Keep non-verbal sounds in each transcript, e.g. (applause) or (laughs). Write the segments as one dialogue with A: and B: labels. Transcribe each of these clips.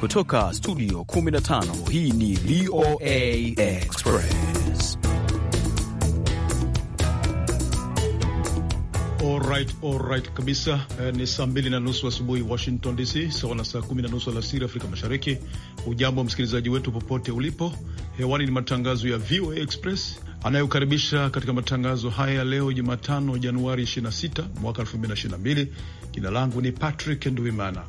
A: Kutoka studio 15 hii ni VOA
B: Express. Alright, alright kabisa. Eh, ni saa mbili na nusu asubuhi wa Washington DC, sawa na saa kumi na nusu alasiri Afrika Mashariki. Ujambo msikilizaji wetu popote ulipo, hewani ni matangazo ya VOA Express anayokaribisha katika matangazo haya leo Jumatano, Januari 26 mwaka 2022. Jina langu ni Patrick Nduimana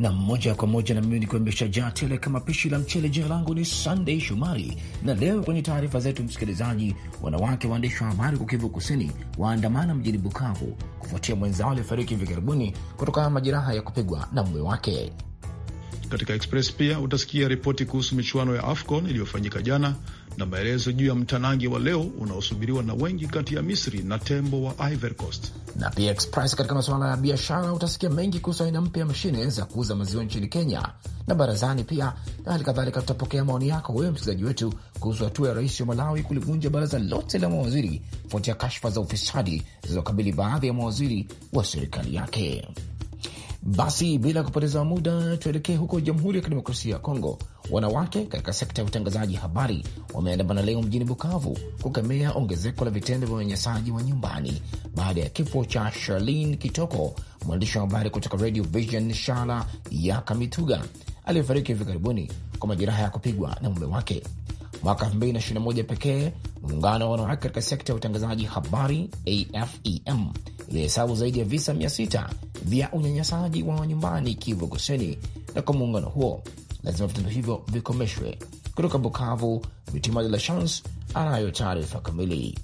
B: na moja kwa moja na mimi ni kuembesha jaa tele kama pishi la mchele. Jina langu ni Sunday Shumari, na
A: leo kwenye taarifa zetu, msikilizaji, wanawake waandishi wa habari kwa Kivu Kusini waandamana mjini Bukavu kufuatia mwenzao aliyefariki hivi karibuni kutokana na majeraha ya kupigwa na mume wake.
B: Katika Express pia utasikia ripoti kuhusu michuano ya AFCON iliyofanyika jana na maelezo juu ya mtanange wa leo unaosubiriwa na wengi kati ya Misri na tembo wa Ivory Coast. Na pia Express, katika masuala ya biashara utasikia mengi kuhusu aina mpya ya mashine za kuuza maziwa
A: nchini Kenya na barazani pia, na hali kadhalika tutapokea maoni yako wewe msikilizaji wetu kuhusu hatua ya rais wa Malawi kulivunja baraza lote la mawaziri kufuatia kashfa za ufisadi zilizokabili baadhi ya mawaziri wa serikali yake. Basi bila kupoteza muda, tuelekee huko Jamhuri ya Kidemokrasia ya Kongo. Wanawake katika sekta ya utangazaji habari wameandamana leo mjini Bukavu kukemea ongezeko la vitendo vya unyanyasaji wa nyumbani baada ya kifo cha Charlene Kitoko, mwandishi wa habari kutoka Radio Vision Shala ya Kamituga aliyefariki hivi karibuni kwa majeraha ya kupigwa na mume wake. Mwaka 2021 pekee muungano wa wanawake katika sekta ya utangazaji habari AFEM ilihesabu zaidi ya visa 600 vya unyanyasaji wa nyumbani Kivu Kusini, na kwa muungano huo lazima vitendo hivyo vikomeshwe. Kutoka Bukavu, Mitima de la Chance anayo taarifa kamili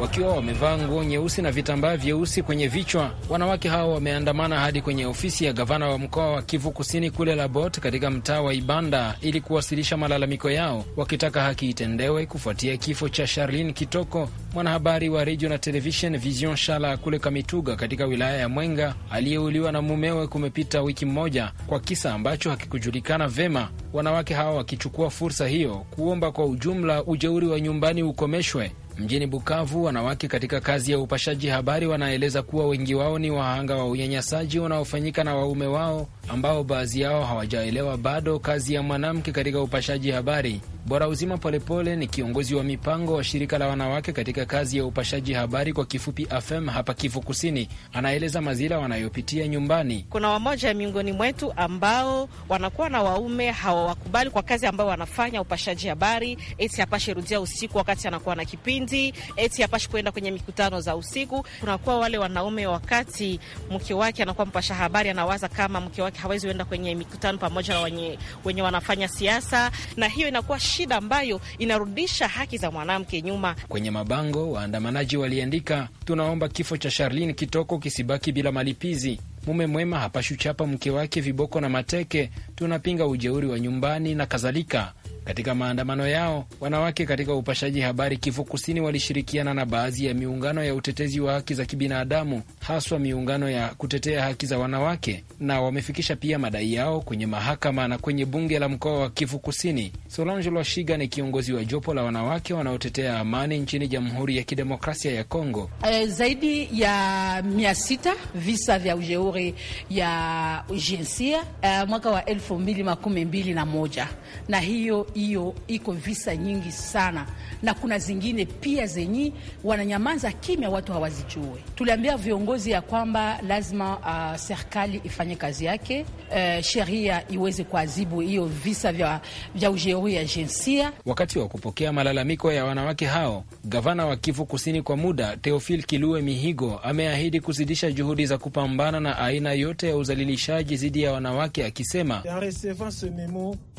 C: wakiwa wamevaa nguo nyeusi na vitambaa vyeusi kwenye vichwa. Wanawake hao wameandamana hadi kwenye ofisi ya gavana wa mkoa wa Kivu Kusini kule Labot katika mtaa wa Ibanda ili kuwasilisha malalamiko yao wakitaka haki itendewe kufuatia kifo cha Charlin Kitoko, mwanahabari wa redio na televishen Vision Shala kule Kamituga katika wilaya ya Mwenga, aliyeuliwa na mumewe kumepita wiki moja kwa kisa ambacho hakikujulikana vema, wanawake hawa wakichukua fursa hiyo kuomba kwa ujumla ujeuri wa nyumbani ukomeshwe Mjini Bukavu, wanawake katika kazi ya upashaji habari wanaeleza kuwa wengi wao ni wahanga wa unyanyasaji unaofanyika na waume wao ambao baadhi yao hawajaelewa bado kazi ya mwanamke katika upashaji habari. Bora Uzima Polepole ni kiongozi wa mipango wa shirika la wanawake katika kazi ya upashaji habari kwa kifupi AFEM hapa Kivu Kusini. Anaeleza mazira wanayopitia nyumbani.
D: Kuna wamoja miongoni mwetu ambao wanakuwa na waume hawawakubali kwa kazi ambayo wanafanya upashaji habari, eti apashe rudia usiku wakati anakuwa na kipindi ulinzi, eti hapashi kuenda kwenye mikutano za usiku. Kunakuwa wale wanaume, wakati mke wake anakuwa mpasha habari, anawaza kama mke wake hawezi kuenda kwenye mikutano pamoja na wenye, wenye wanafanya siasa, na hiyo inakuwa shida ambayo inarudisha haki za mwanamke nyuma.
C: Kwenye mabango waandamanaji waliandika, tunaomba kifo cha Charlene Kitoko kisibaki bila malipizi. Mume mwema hapashuchapa mke wake viboko na mateke. Tunapinga ujeuri wa nyumbani na kadhalika. Katika maandamano yao, wanawake katika upashaji habari Kivu Kusini walishirikiana na baadhi ya miungano ya utetezi wa haki za kibinadamu, haswa miungano ya kutetea haki za wanawake, na wamefikisha pia madai yao kwenye mahakama na kwenye bunge la mkoa wa Kivu Kusini. Solange Lwashiga ni kiongozi wa jopo la wanawake wanaotetea amani nchini Jamhuri ya Kidemokrasia ya Kongo.
D: E, zaidi ya mia sita visa vya ujeuri ya jinsia e, mwaka wa elfu mbili makumi mbili na moja na hiyo hiyo iko visa nyingi sana, na kuna zingine pia zenyi wananyamaza kimya, watu hawazijue. Tuliambia viongozi ya kwamba lazima uh, serikali ifanye kazi yake, uh, sheria iweze kuadhibu hiyo visa vya, vya ujeuri ya jinsia.
C: Wakati wa kupokea malalamiko ya wanawake hao, gavana wa Kivu Kusini kwa muda Teofil Kilue Mihigo ameahidi kuzidisha juhudi za kupambana na aina yote ya uzalilishaji dhidi ya wanawake, akisema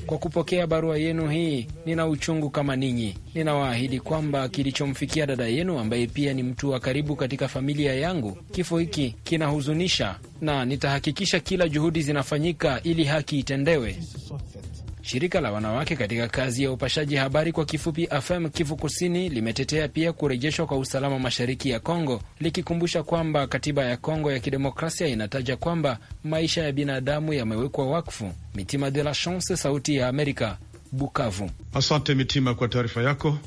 C: kwa kupokea barua yenu yenu hii, nina uchungu kama ninyi. Ninawaahidi kwamba kilichomfikia dada yenu ambaye pia ni mtu wa karibu katika familia yangu, kifo hiki kinahuzunisha, na nitahakikisha kila juhudi zinafanyika ili haki itendewe. Shirika la wanawake katika kazi ya upashaji habari kwa kifupi AFM Kivu Kusini limetetea pia kurejeshwa kwa usalama mashariki ya Kongo, likikumbusha kwamba katiba ya Kongo ya kidemokrasia inataja kwamba maisha ya binadamu yamewekwa wakfu. Mitima de la Chance, Sauti ya Amerika,
B: Bukavu. Asante Mitima kwa taarifa yako.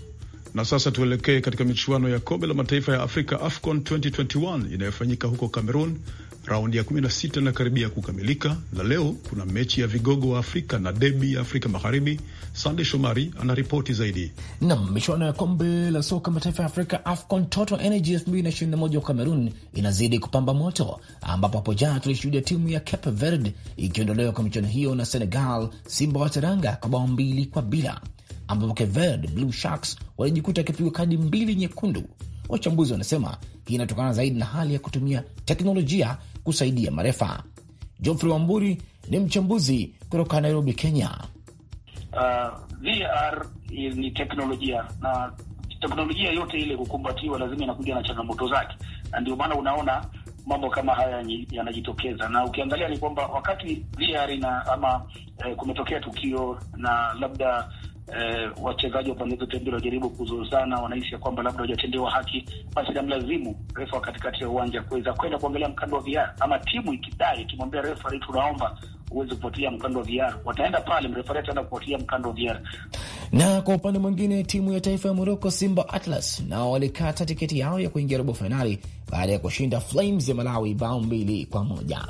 B: Na sasa tuelekee katika michuano ya kombe la mataifa ya Afrika AFCON 2021 inayofanyika huko Cameroon Raundi ya 16 inakaribia kukamilika na leo kuna mechi ya vigogo wa Afrika na debi ya Afrika Magharibi. Sande Shomari anaripoti zaidi.
A: Nam, michuano ya kombe la soka mataifa ya Afrika AFCON Total Energy 2021 Cameroon inazidi kupamba moto, ambapo hapo jana tulishuhudia timu ya Cape Verde ikiondolewa kwa michuano hiyo na Senegal Simba wa Teranga kwa bao mbili kwa bila, ambapo Cape Verde Blue Sharks walijikuta akipigwa kadi mbili nyekundu. Wachambuzi wanasema hii inatokana zaidi na hali ya kutumia teknolojia kusaidia marefa. Geoffrey Wamburi ni mchambuzi kutoka Nairobi, Kenya.
E: Uh, VR ni teknolojia na teknolojia yote ile kukumbatiwa lazima inakuja na changamoto zake, na ndio maana unaona mambo kama haya yanajitokeza. Na ukiangalia ni kwamba wakati VR ama, eh, kumetokea tukio na labda eh, wachezaji wa pande zote mbili wajaribu kuzozana, wanahisi ya kwamba labda hawajatendewa haki, basi inamlazimu refa wa katikati ya uwanja kuweza kwenda kuangalia mkando wa VR, ama timu ikidai ikimwambia refa, tunaomba uweze kufuatilia mkando wa VR, wataenda pale, mrefari ataenda kufuatilia mkando wa VR.
A: Na kwa upande mwingine, timu ya taifa ya Moroko Simba Atlas nao walikata tiketi yao ya kuingia robo fainali baada ya kushinda Flames ya Malawi bao mbili kwa moja.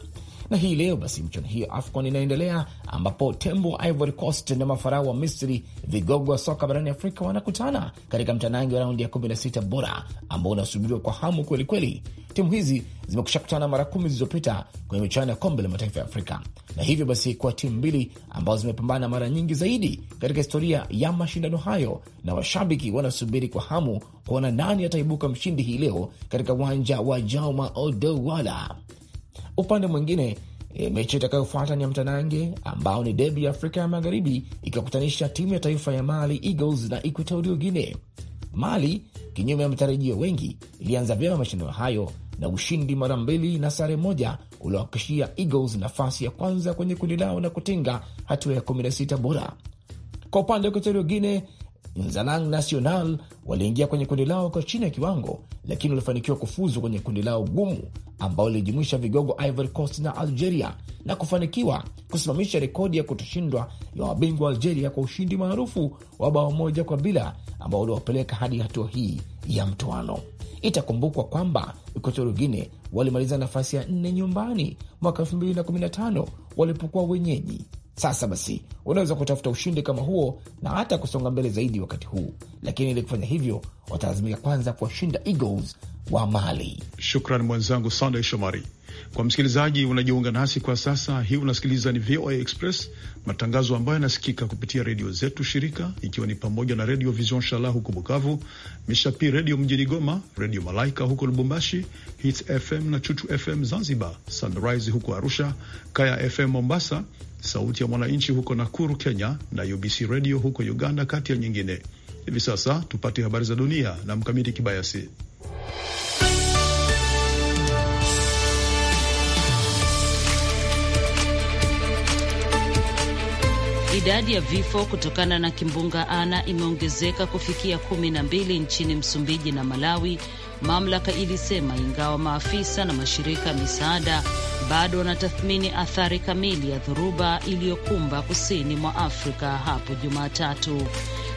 A: Na hii leo basi, michuano hiyo AFCON inaendelea ambapo tembo wa Ivory Coast na mafarao wa Misri, vigogo wa soka barani Afrika, wanakutana katika mtanangi wa raundi ya 16 bora ambao unasubiriwa kwa hamu kwelikweli. Timu hizi zimekusha kutana mara kumi zilizopita kwenye michuano ya kombe la mataifa ya Afrika na hivyo basi kuwa timu mbili ambazo zimepambana mara nyingi zaidi katika historia ya mashindano hayo, na washabiki wanasubiri kwa hamu kuona nani ataibuka mshindi hii leo katika uwanja wa Jauma Odewala. Upande mwingine e, mechi itakayofuata ni ya mtanange ambao ni debi ya Afrika ya Magharibi, ikakutanisha timu ya taifa ya Mali Eagles na Equatorial Guinea. Mali, kinyume ya matarajio wengi, ilianza vyema mashindano hayo na ushindi mara mbili na sare moja uliowakishia Eagles nafasi ya kwanza kwenye kundi lao na kutinga hatua ya 16 bora. Kwa upande wa Equatorial Guinea Inzalang National waliingia kwenye kundi lao kwa chini ya kiwango, lakini walifanikiwa kufuzu kwenye kundi lao gumu ambao lilijumuisha vigogo Ivory Coast na Algeria na kufanikiwa kusimamisha rekodi ya kutoshindwa ya wabingwa wa Algeria kwa ushindi maarufu wa bao moja kwa bila ambao uliwapeleka hadi hatua hii ya mtoano. Itakumbukwa kwamba Equatorial Guinea walimaliza nafasi ya nne nyumbani mwaka 2015 walipokuwa wenyeji sasa basi, unaweza kutafuta ushindi kama huo na hata kusonga mbele zaidi wakati huu,
B: lakini ili kufanya hivyo watalazimika kwanza kuwashinda Eagles wa Mali. Shukran mwenzangu Sandey Shomari. Kwa msikilizaji unajiunga nasi kwa sasa, hii unasikiliza ni VOA Express, matangazo ambayo yanasikika kupitia redio zetu shirika, ikiwa ni pamoja na Redio Vision Shala huko Bukavu, Mishapi Redio mjini Goma, Redio Malaika huko Lubumbashi, Hits FM na Chuchu FM Zanzibar, Sunrise huko Arusha, Kaya FM Mombasa, Sauti ya Mwananchi huko Nakuru Kenya, na UBC Redio huko Uganda, kati ya nyingine. Hivi sasa tupate habari za dunia na Mkamiti Kibayasi.
D: Idadi ya vifo kutokana na kimbunga Ana imeongezeka kufikia kumi na mbili nchini Msumbiji na Malawi, mamlaka ilisema, ingawa maafisa na mashirika ya misaada bado wanatathmini athari kamili ya dhoruba iliyokumba kusini mwa Afrika hapo Jumatatu.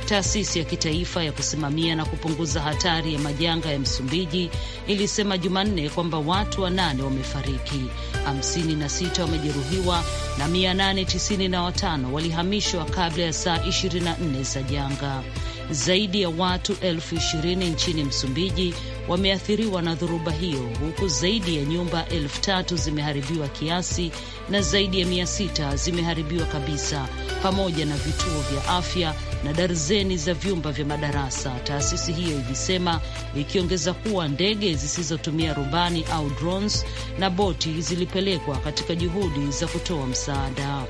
D: Taasisi ya kitaifa ya kusimamia na kupunguza hatari ya majanga ya Msumbiji ilisema Jumanne kwamba watu wanane wamefariki, 56 wamejeruhiwa na 895 walihamishwa kabla ya saa 24 za janga. Zaidi ya watu elfu ishirini nchini Msumbiji wameathiriwa na dhoruba hiyo, huku zaidi ya nyumba elfu tatu zimeharibiwa kiasi na zaidi ya mia sita zimeharibiwa kabisa, pamoja na vituo vya afya na darzeni za vyumba vya madarasa, taasisi hiyo ilisema, ikiongeza kuwa ndege zisizotumia rubani au drones na boti zilipelekwa katika juhudi za kutoa msaada.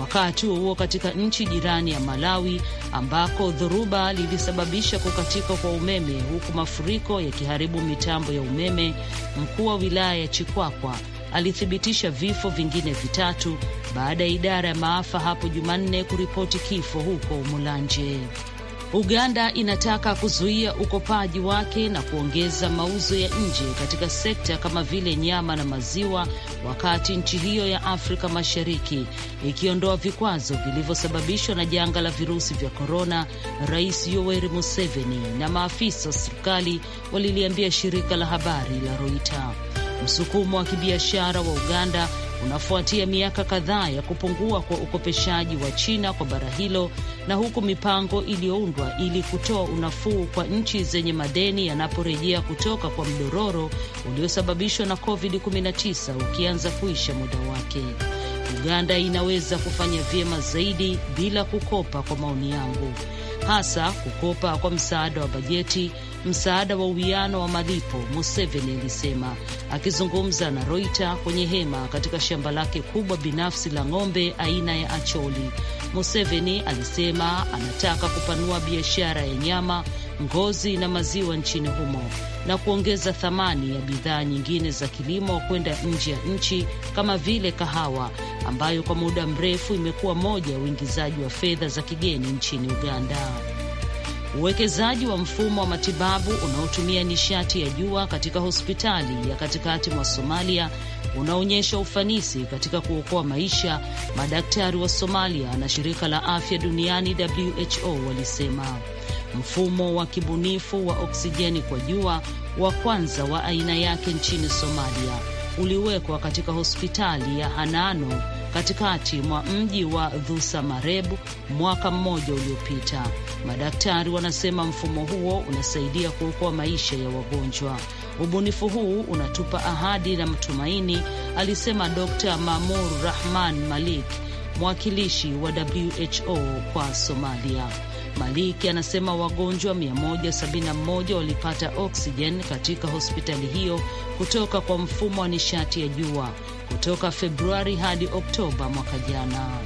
D: Wakati huo katika nchi jirani ya Malawi ambako dhoruba lilisababisha kukatika kwa umeme huku mafuriko yakiharibu mitambo ya umeme, mkuu wa wilaya ya Chikwakwa alithibitisha vifo vingine vitatu baada ya idara ya maafa hapo Jumanne kuripoti kifo huko Mulanje. Uganda inataka kuzuia ukopaji wake na kuongeza mauzo ya nje katika sekta kama vile nyama na maziwa, wakati nchi hiyo ya Afrika Mashariki ikiondoa vikwazo vilivyosababishwa na janga la virusi vya korona. Rais Yoweri Museveni na maafisa wa serikali waliliambia shirika la habari la Reuters. Msukumo wa kibiashara wa Uganda unafuatia miaka kadhaa ya kupungua kwa ukopeshaji wa China kwa bara hilo na huku mipango iliyoundwa ili kutoa unafuu kwa nchi zenye madeni yanaporejea kutoka kwa mdororo uliosababishwa na COVID-19 ukianza kuisha muda wake. Uganda inaweza kufanya vyema zaidi bila kukopa, kwa maoni yangu, hasa kukopa kwa msaada wa bajeti msaada wa uwiano wa malipo, Museveni alisema akizungumza na Roita kwenye hema katika shamba lake kubwa binafsi la ng'ombe aina ya Acholi. Museveni alisema anataka kupanua biashara ya nyama, ngozi na maziwa nchini humo na kuongeza thamani ya bidhaa nyingine za kilimo kwenda nje ya nchi kama vile kahawa ambayo kwa muda mrefu imekuwa moja ya uingizaji wa fedha za kigeni nchini Uganda uwekezaji wa mfumo wa matibabu unaotumia nishati ya jua katika hospitali ya katikati mwa Somalia unaonyesha ufanisi katika kuokoa maisha, madaktari wa Somalia na shirika la afya duniani WHO walisema. Mfumo wa kibunifu wa oksijeni kwa jua wa kwanza wa aina yake nchini Somalia uliwekwa katika hospitali ya Hanano katikati mwa mji wa dhusa marebu mwaka mmoja uliopita. Madaktari wanasema mfumo huo unasaidia kuokoa maisha ya wagonjwa. Ubunifu huu unatupa ahadi na matumaini, alisema Dr. Mamur Rahman Malik, mwakilishi wa WHO kwa Somalia. Maliki anasema wagonjwa 171 walipata oksijen katika hospitali hiyo kutoka kwa mfumo wa nishati ya jua kutoka Februari hadi Oktoba mwaka jana.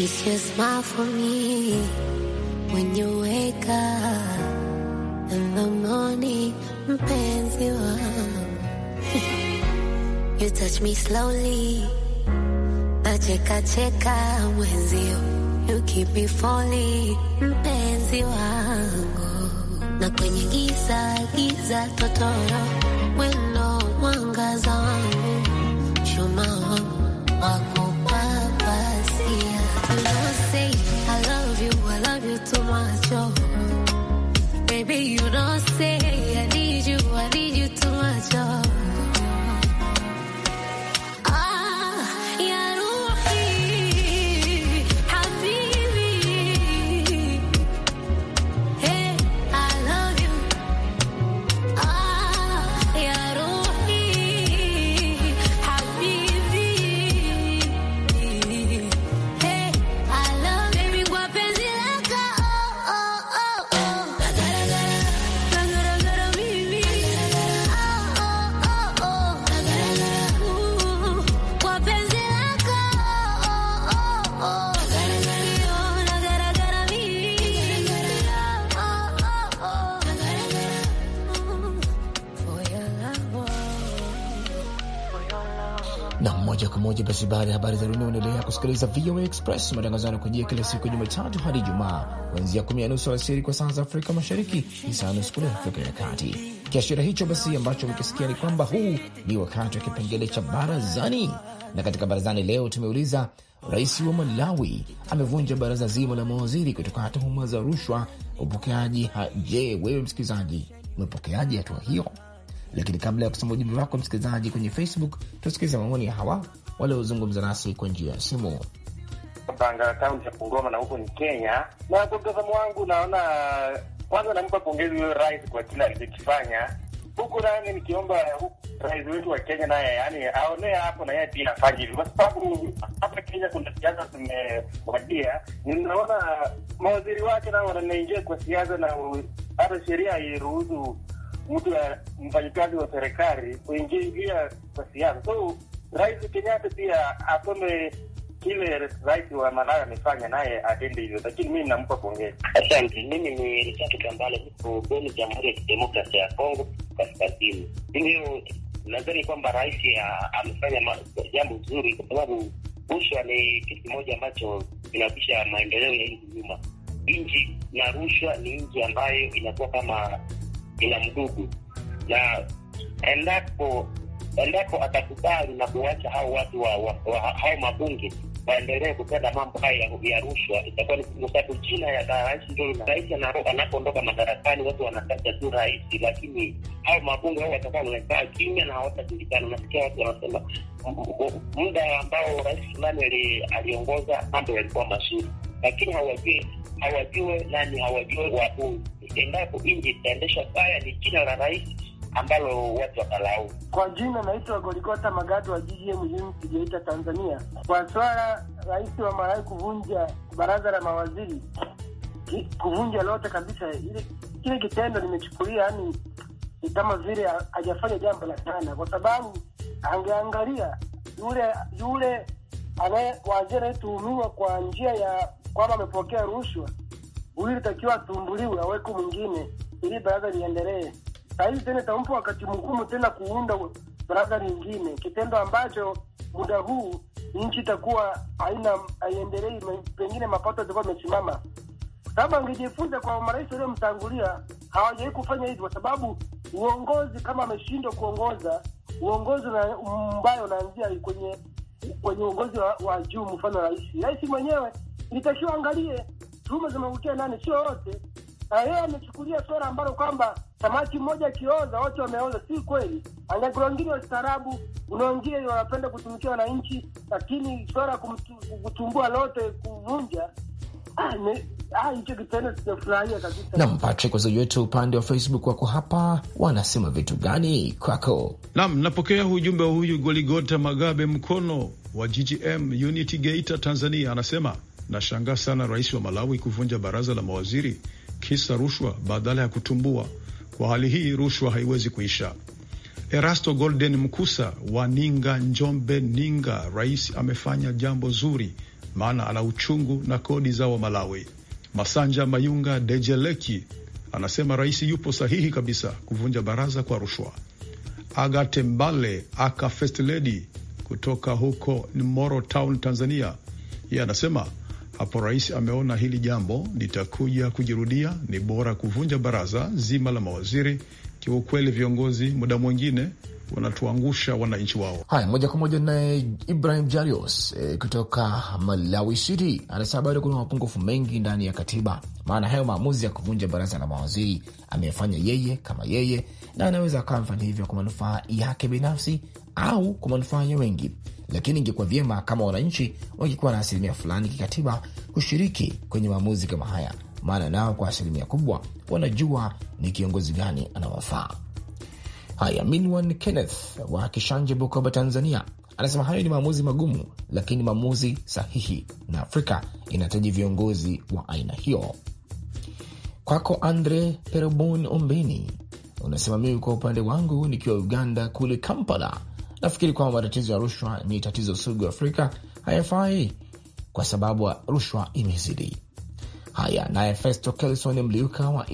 F: It's your smile for me when you wake up in the morning and you up. (laughs) you touch me slowly, nacheka cheka mwenzio. You keep me falling, mpenzi wangu, na kwenye giza giza totoro weno mwangaza wangu
A: baada ya habari za dunia. Unaendelea kusikiliza VOA Express, matangazo yanakujia kila siku ya Jumatatu hadi Ijumaa, kuanzia kumi na nusu alasiri kwa saa za Afrika Mashariki, ni saa nusu kule Afrika ya Kati. Kiashiria hicho basi ambacho umekisikia ni kwamba huu ni wakati wa kipengele cha barazani, na katika barazani leo tumeuliza Rais wa Malawi amevunja baraza zima la mawaziri kutokana na tuhuma za rushwa. Upokeaji je, wewe msikilizaji, umepokeaje hatua hiyo? Lakini kabla ya kusoma ujumbe wako msikilizaji kwenye Facebook, tusikilize maoni ya hawa waliozungumza nasi kwa njia ya simu.
E: Panga kaunti ya Bungoma na huko ni Kenya, na kwa mtazamo wangu naona kwanza, nampa pongezi huyo rais kwa kila alichokifanya huku, nani nikiomba rais wetu wa Kenya naye yani aonee hapo na yeye pia afanye hivi, kwa sababu hapa Kenya kuna siasa zimewadia. Ninaona mawaziri wake nao wanaingia kwa siasa, na hata sheria hairuhusu mtu ya mfanyikazi wa serikali kuingilia kwa siasa, so Rais Kenyatta pia asome kile rais wa Malawi amefanya, naye atende hivyo, lakini mimi nampa pongezi. Asante. Mimi ni Richard Kambale, niko Beni, Jamhuri ya Kidemokrasia ya Kongo Kaskazini. Ndiyo, nadhani kwamba rais amefanya jambo zuri, kwa sababu rushwa ni kitu kimoja ambacho kinabisha maendeleo ya nchi nyuma. Nchi na rushwa ni nchi ambayo inakuwa kama ina mdugu, na endapo endapo atakubali na kuwacha hao watu wa, wa, wa hao mabunge waendelee kutenda mambo haya ya rushwa, itakuwa ni kwa sababu jina ya rais ndio rais anapoondoka madarakani, watu wanataja tu rais, lakini hao mabunge hao watakuwa wamekaa kimya na hawatajulikana. Nasikia watu wanasema muda ambao rais fulani aliongoza mambo yalikuwa mazuri, lakini hawajui hawajue nani, hawajue wabunge. Endapo nchi itaendeshwa baya, ni jina la rais ambalo watu watalaumu. Kwa jina naitwa Goligota Magadu wa GGM Kijaita, Tanzania. Kwa swala rais wa Malawi kuvunja baraza la mawaziri, kuvunja lote kabisa, ile kile kitendo nimechukulia, yani ni kama vile hajafanya jambo la sana, kwa sababu angeangalia yule yule waziri anayetuhumiwa kwa njia ya kwamba amepokea rushwa, huyu litakiwa atumbuliwe, aweku mwingine ili baraza liendelee. Saa tena itampa wakati mgumu tena kuunda baraza nyingine, kitendo ambacho muda huu nchi itakuwa haina haiendelei, pengine mapato yatakuwa yamesimama, kwa sababu angejifunza kwa marais waliomtangulia hawajawahi kufanya hivyo, kwa sababu uongozi kama ameshindwa kuongoza, uongozi na mbayo unaanzia kwenye kwenye uongozi wa, wa juu. Mfano rais rais mwenyewe ilitakiwa angalie tuhume zimeangukia nani, sio wote. na Yeye amechukulia swala ambalo kwamba samaki mmoja akioza wote wameoza, si kweli. Angalia, kuna wengine wastaarabu, kuna wengine wanapenda kutumikia wananchi, lakini swala kutumbua lote kuvunja ah, Nam ah,
A: Patrick, wazaji wetu upande wa Facebook wako hapa, wanasema vitu gani kwako?
B: Nam, napokea ujumbe wa huyu Goligota Magabe Mkono wa GGM Unity Geita, Tanzania, anasema nashangaa sana rais wa Malawi kuvunja baraza la mawaziri kisa rushwa badala ya kutumbua kwa hali hii rushwa haiwezi kuisha. Erasto Golden Mkusa wa Ninga, Njombe, Ninga: rais amefanya jambo zuri, maana ana uchungu na kodi za Wamalawi. Masanja Mayunga Dejeleki anasema rais yupo sahihi kabisa kuvunja baraza kwa rushwa. Agate Mbale aka First Lady kutoka huko Moro Town, Tanzania, yeye anasema hapo rais ameona hili jambo litakuja kujirudia, ni bora kuvunja baraza zima la mawaziri. Kiukweli viongozi muda mwingine wanatuangusha wananchi wao.
A: Haya, moja kwa moja naye Ibrahim Jarios e, kutoka Malawi City anasema bado kuna mapungufu mengi ndani ya katiba, maana hayo maamuzi ya kuvunja baraza la mawaziri ameyafanya yeye kama yeye, na anaweza akawa amefanya hivyo kwa manufaa yake binafsi au kwa manufaa ya wengi, lakini ingekuwa vyema kama wananchi wangekuwa na asilimia fulani kikatiba kushiriki kwenye maamuzi kama haya, maana nao kwa asilimia kubwa wanajua ni kiongozi gani anawafaa. Haya, Minwan Kenneth wa Kishanje, Bukoba, Tanzania, anasema hayo ni maamuzi magumu, lakini maamuzi sahihi, na Afrika inahitaji viongozi wa aina hiyo. Kwako Andre Perobon Ombeni unasema mimi kwa upande wangu nikiwa Uganda kule Kampala, Nafikiri kwamba matatizo ya rushwa ni tatizo sugu Afrika, hayafai kwa sababu rushwa imezidi. Haya, naye Festo Kelson Mliuka wa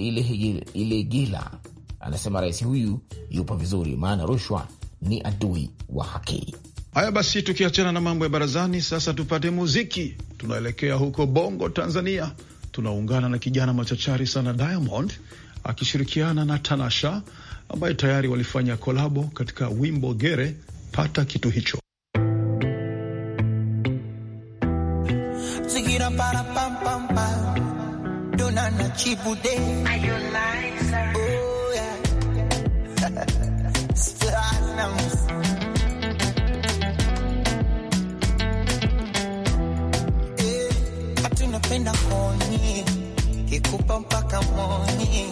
A: Ilegila anasema rais huyu yupo vizuri, maana rushwa ni adui wa haki.
B: Haya basi, tukiachana na mambo ya barazani, sasa tupate muziki. Tunaelekea huko Bongo, Tanzania. Tunaungana na kijana machachari sana Diamond akishirikiana na Tanasha ambaye tayari walifanya kolabo katika wimbo Gere kupata kitu hicho. Oh,
F: (laughs) eh, napenda koni kikupa mpaka moni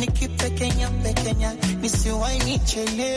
F: nikipekenya pekenya, nisiwai nichelewe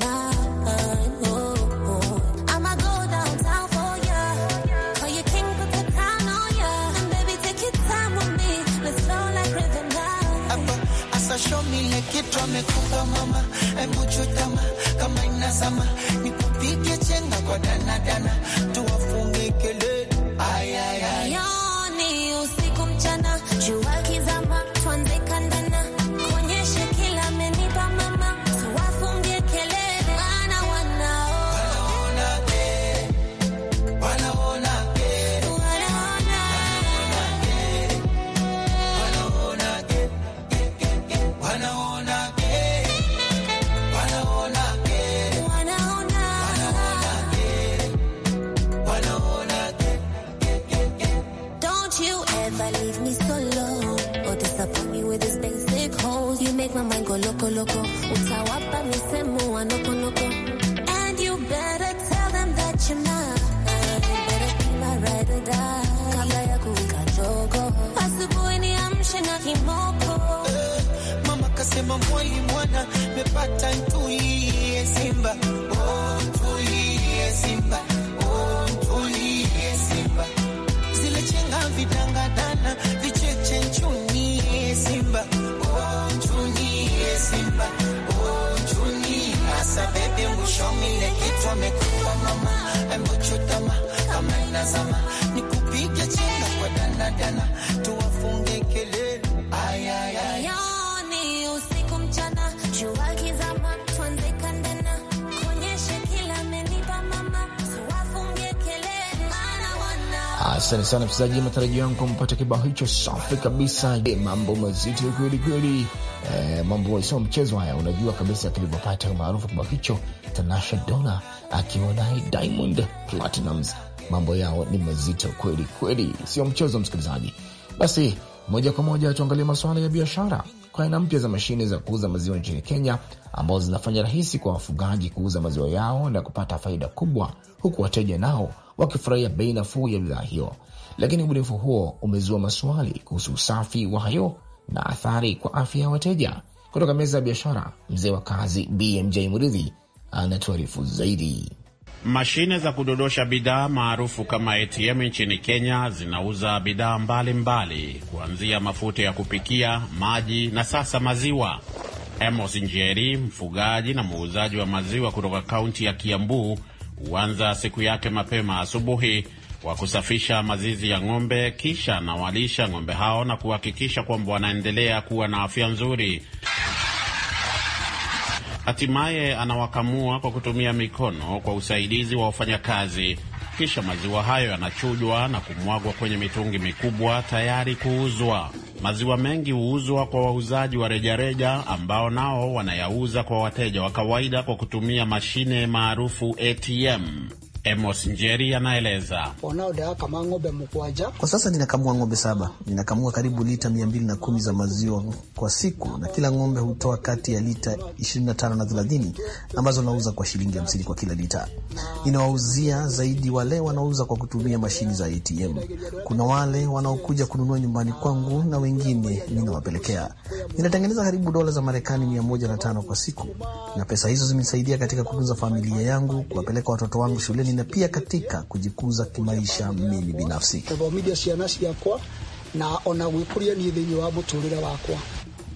F: Mtoto mama emuchutama kama inazama, nikupige chenga kwa danadana tuwafu loko, utawapa misemo wanokonoko and you better tell them that you're not Mama kasema mwali mwana mepata hadi mwisho, mile kitu amekupa mama, embu chutama kama inazama, nikupige chenga
A: Asante sana msikilizaji, matarajio yangu kumpata kibao hicho safi kabisa. Je, mambo mazito kweli kweli. E, mambo walisio mchezo haya, unajua kabisa tulivyopata maarufu kibao hicho, Tanasha Dona akiwa naye Diamond Platinums. Mambo yao ni mazito kweli kweli, sio mchezo msikilizaji. Basi moja kwa moja tuangalie masuala ya biashara kwa aina mpya za mashine za kuuza maziwa nchini Kenya ambazo zinafanya rahisi kwa wafugaji kuuza maziwa yao na kupata faida kubwa, huku wateja nao wakifurahia bei nafuu ya bidhaa hiyo, lakini ubunifu huo umezua maswali kuhusu usafi wa hayo na athari kwa afya ya wateja. Kutoka meza ya biashara, mzee wa kazi BMJ Muridhi anatuarifu zaidi.
G: Mashine za kudodosha bidhaa maarufu kama ATM nchini Kenya zinauza bidhaa mbalimbali kuanzia mafuta ya kupikia, maji na sasa maziwa. Amos Njeri, mfugaji na muuzaji wa maziwa kutoka kaunti ya Kiambu, huanza siku yake mapema asubuhi kwa kusafisha mazizi ya ng'ombe, kisha anawalisha ng'ombe hao na kuhakikisha kwamba wanaendelea kuwa na afya nzuri. Hatimaye anawakamua kwa kutumia mikono kwa usaidizi wa wafanyakazi kisha maziwa hayo yanachujwa na kumwagwa kwenye mitungi mikubwa tayari kuuzwa. Maziwa mengi huuzwa kwa wauzaji wa rejareja ambao nao wanayauza kwa wateja wa kawaida kwa kutumia mashine maarufu ATM. Emos Njeri anaeleza.
E: kama
F: kwa sasa ninakamua ng'ombe saba. Ninakamua karibu lita 210 za maziwa kwa siku, na kila ng'ombe hutoa kati ya lita 25
A: na 30 ambazo nauza kwa shilingi 50 kwa kila lita. Ninawauzia zaidi
F: wale wanaouza kwa kutumia mashini za ATM. Kuna wale wanaokuja kununua nyumbani kwangu na wengine ninawapelekea. Ninatengeneza karibu dola za Marekani 105 kwa siku,
A: na pesa hizo zimesaidia katika kutunza familia yangu, kuwapeleka watoto wangu shuleni kazini na pia katika
G: kujikuza kimaisha
A: mimi binafsi.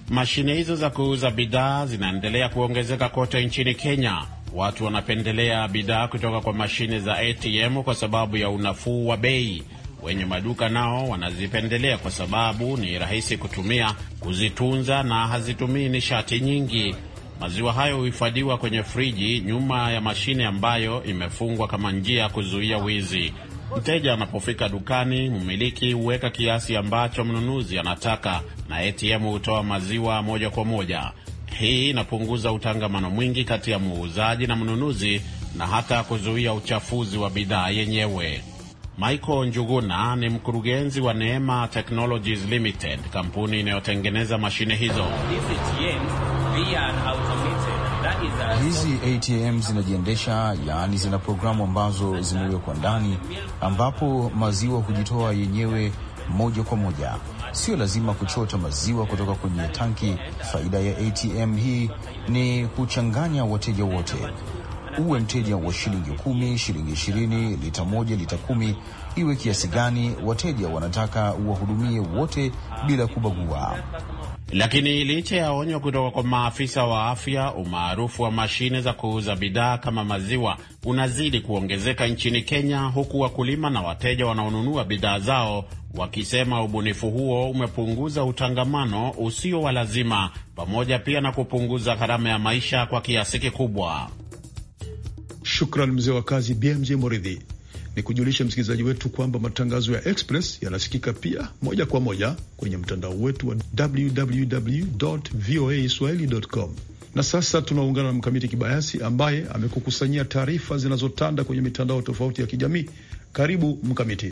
G: Mashine hizo za kuuza bidhaa zinaendelea kuongezeka kote nchini Kenya. Watu wanapendelea bidhaa kutoka kwa mashine za ATM kwa sababu ya unafuu wa bei. Wenye maduka nao wanazipendelea kwa sababu ni rahisi kutumia, kuzitunza na hazitumii nishati nyingi. Maziwa hayo huhifadhiwa kwenye friji nyuma ya mashine ambayo imefungwa kama njia ya kuzuia wizi. Mteja anapofika dukani, mmiliki huweka kiasi ambacho mnunuzi anataka na ATM hutoa maziwa moja kwa moja. Hii inapunguza utangamano mwingi kati ya muuzaji na mnunuzi na hata kuzuia uchafuzi wa bidhaa yenyewe. Michael Njuguna ni mkurugenzi wa Neema Technologies Limited, kampuni inayotengeneza mashine hizo. Hizi
A: ATM zinajiendesha, yaani zina programu ambazo zimewekwa ndani, ambapo maziwa hujitoa yenyewe moja kwa moja, sio lazima kuchota maziwa kutoka kwenye tanki. Faida ya ATM hii ni kuchanganya wateja wote uwe mteja wa shilingi kumi, shilingi ishirini, lita moja, lita kumi, iwe kiasi gani, wateja wanataka wahudumie wote
B: bila kubagua.
G: Lakini licha ya onyo kutoka kwa maafisa wa afya, umaarufu wa mashine za kuuza bidhaa kama maziwa unazidi kuongezeka nchini Kenya, huku wakulima na wateja wanaonunua bidhaa zao wakisema ubunifu huo umepunguza utangamano usio wa lazima, pamoja pia na kupunguza gharama ya maisha kwa kiasi kikubwa.
B: Shukran mzee wa kazi BMJ Moridhi. Ni kujulisha msikilizaji wetu kwamba matangazo ya Express yanasikika pia moja kwa moja kwenye mtandao wetu wa www voa swahili.com. Na sasa tunaungana na Mkamiti Kibayasi ambaye amekukusanyia taarifa zinazotanda kwenye mitandao tofauti ya kijamii. Karibu Mkamiti.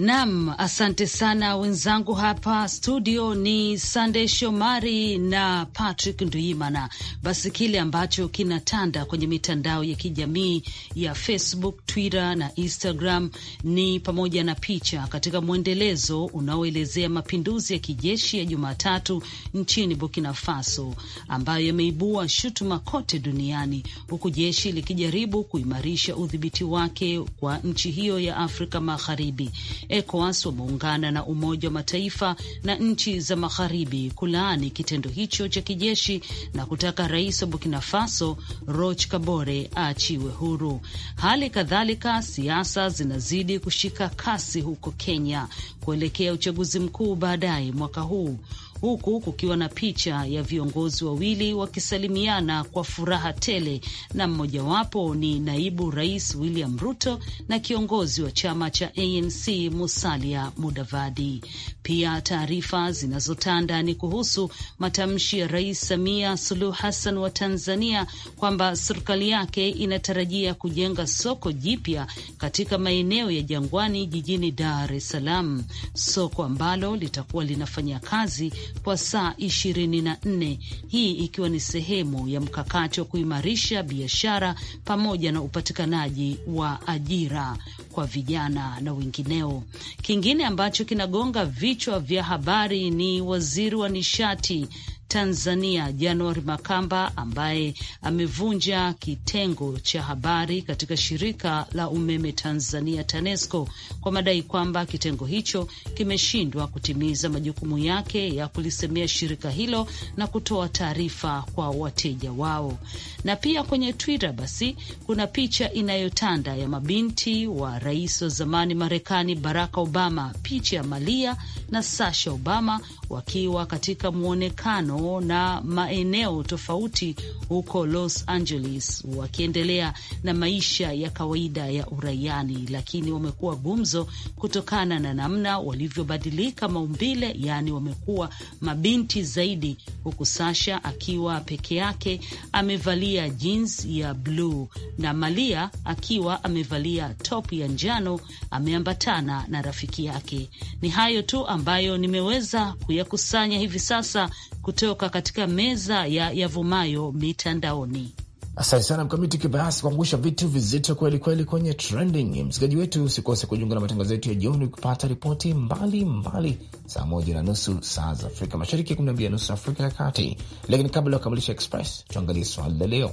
D: Nam, asante sana wenzangu hapa studio. Ni Sandey Shomari na Patrick Nduimana. Basi kile ambacho kinatanda kwenye mitandao ya kijamii ya Facebook, Twitter na Instagram ni pamoja na picha katika mwendelezo unaoelezea mapinduzi ya kijeshi ya Jumatatu nchini Burkina Faso ambayo yameibua shutuma kote duniani, huku jeshi likijaribu kuimarisha udhibiti wake kwa nchi hiyo ya Afrika Magharibi. ECOWAS wameungana na Umoja wa Mataifa na nchi za magharibi kulaani kitendo hicho cha kijeshi na kutaka rais wa Burkina Faso Roch Kabore aachiwe huru. Hali kadhalika, siasa zinazidi kushika kasi huko Kenya kuelekea uchaguzi mkuu baadaye mwaka huu huku kukiwa na picha ya viongozi wawili wakisalimiana kwa furaha tele, na mmojawapo ni naibu rais William Ruto na kiongozi wa chama cha ANC Musalia Mudavadi. Pia taarifa zinazotanda ni kuhusu matamshi ya Rais Samia Suluhu Hassan wa Tanzania kwamba serikali yake inatarajia kujenga soko jipya katika maeneo ya Jangwani jijini Dar es Salaam, soko ambalo litakuwa linafanya kazi kwa saa 24, hii ikiwa ni sehemu ya mkakati wa kuimarisha biashara pamoja na upatikanaji wa ajira kwa vijana na wengineo. Kingine ambacho kinagonga vichwa vya habari ni waziri wa nishati Tanzania Januari Makamba ambaye amevunja kitengo cha habari katika shirika la umeme Tanzania TANESCO kwa madai kwamba kitengo hicho kimeshindwa kutimiza majukumu yake ya kulisemea shirika hilo na kutoa taarifa kwa wateja wao. Na pia kwenye Twitter basi kuna picha inayotanda ya mabinti wa rais wa zamani Marekani Barack Obama, picha ya Malia na Sasha Obama wakiwa katika mwonekano maeneo na maeneo tofauti huko Los Angeles, wakiendelea na maisha ya kawaida ya uraiani, lakini wamekuwa gumzo kutokana na namna walivyobadilika maumbile, yaani wamekuwa mabinti zaidi, huku Sasha akiwa peke yake amevalia jeans ya bluu na Malia akiwa amevalia top ya njano, ameambatana na rafiki yake. Ni hayo tu ambayo nimeweza kuyakusanya hivi sasa kuto kutoka katika meza ya yavumayo mitandaoni.
A: Asante sana Mkamiti Kibayasi kuangusha vitu vizito kweli kweli kwenye trending. Msikilizaji wetu, usikose kujiunga na matangazo yetu ya jioni kupata ripoti mbalimbali, saa moja na nusu saa za Afrika Mashariki, kumi na mbili na nusu Afrika ya Kati. Lakini kabla ya kukamilisha Express, tuangalie swali la leo.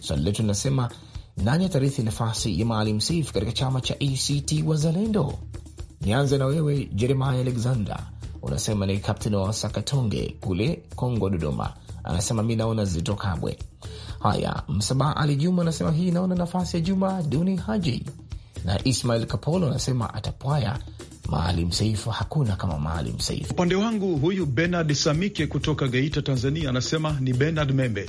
A: Swali letu linasema nani atarithi nafasi ya Maalim Seif katika chama cha ACT Wazalendo? Nianze na wewe Jeremaya Alexander unasema ni kapten wa Wasakatonge kule Kongo, Dodoma. Anasema mi naona Zito Kabwe. Haya, msabaha Ali Juma anasema hii naona nafasi ya Juma Duni Haji na Ismail Kapolo anasema atapwaya Maalim Seifu, hakuna kama Maalim Seifu.
B: Upande wangu huyu Bernard Samike kutoka Geita, Tanzania, anasema ni Bernard Membe.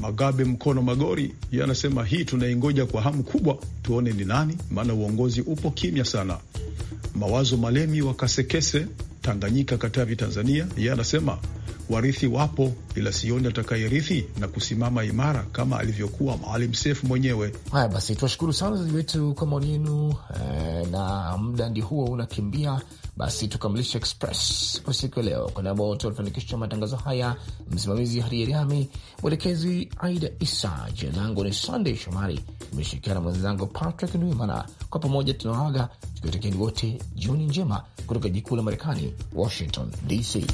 B: Magabe Mkono Magori yeye anasema hii tunaingoja kwa hamu kubwa, tuone ni nani, maana uongozi upo kimya sana. Mawazo Malemi wa Kasekese, Tanganyika, Katavi, Tanzania, ye anasema Warithi wapo, ila sioni atakayerithi na kusimama imara kama alivyokuwa Maalim Sef mwenyewe. Haya basi, tuwashukuru sana wazazi wetu kwa maoni yenu
A: e, na muda ndi huo unakimbia. Basi tukamilisha Express kwa siku ya leo. Kwa niaba wote walifanikisha matangazo haya, msimamizi Harieriami, mwelekezi Aida Isa. Jina langu ni Sandey Shomari, imeshirikiana na mwenzangu Patrick Ndwimana. Kwa pamoja tunawaaga tukiwatakieni wote jioni njema kutoka jikuu la Marekani, Washington DC.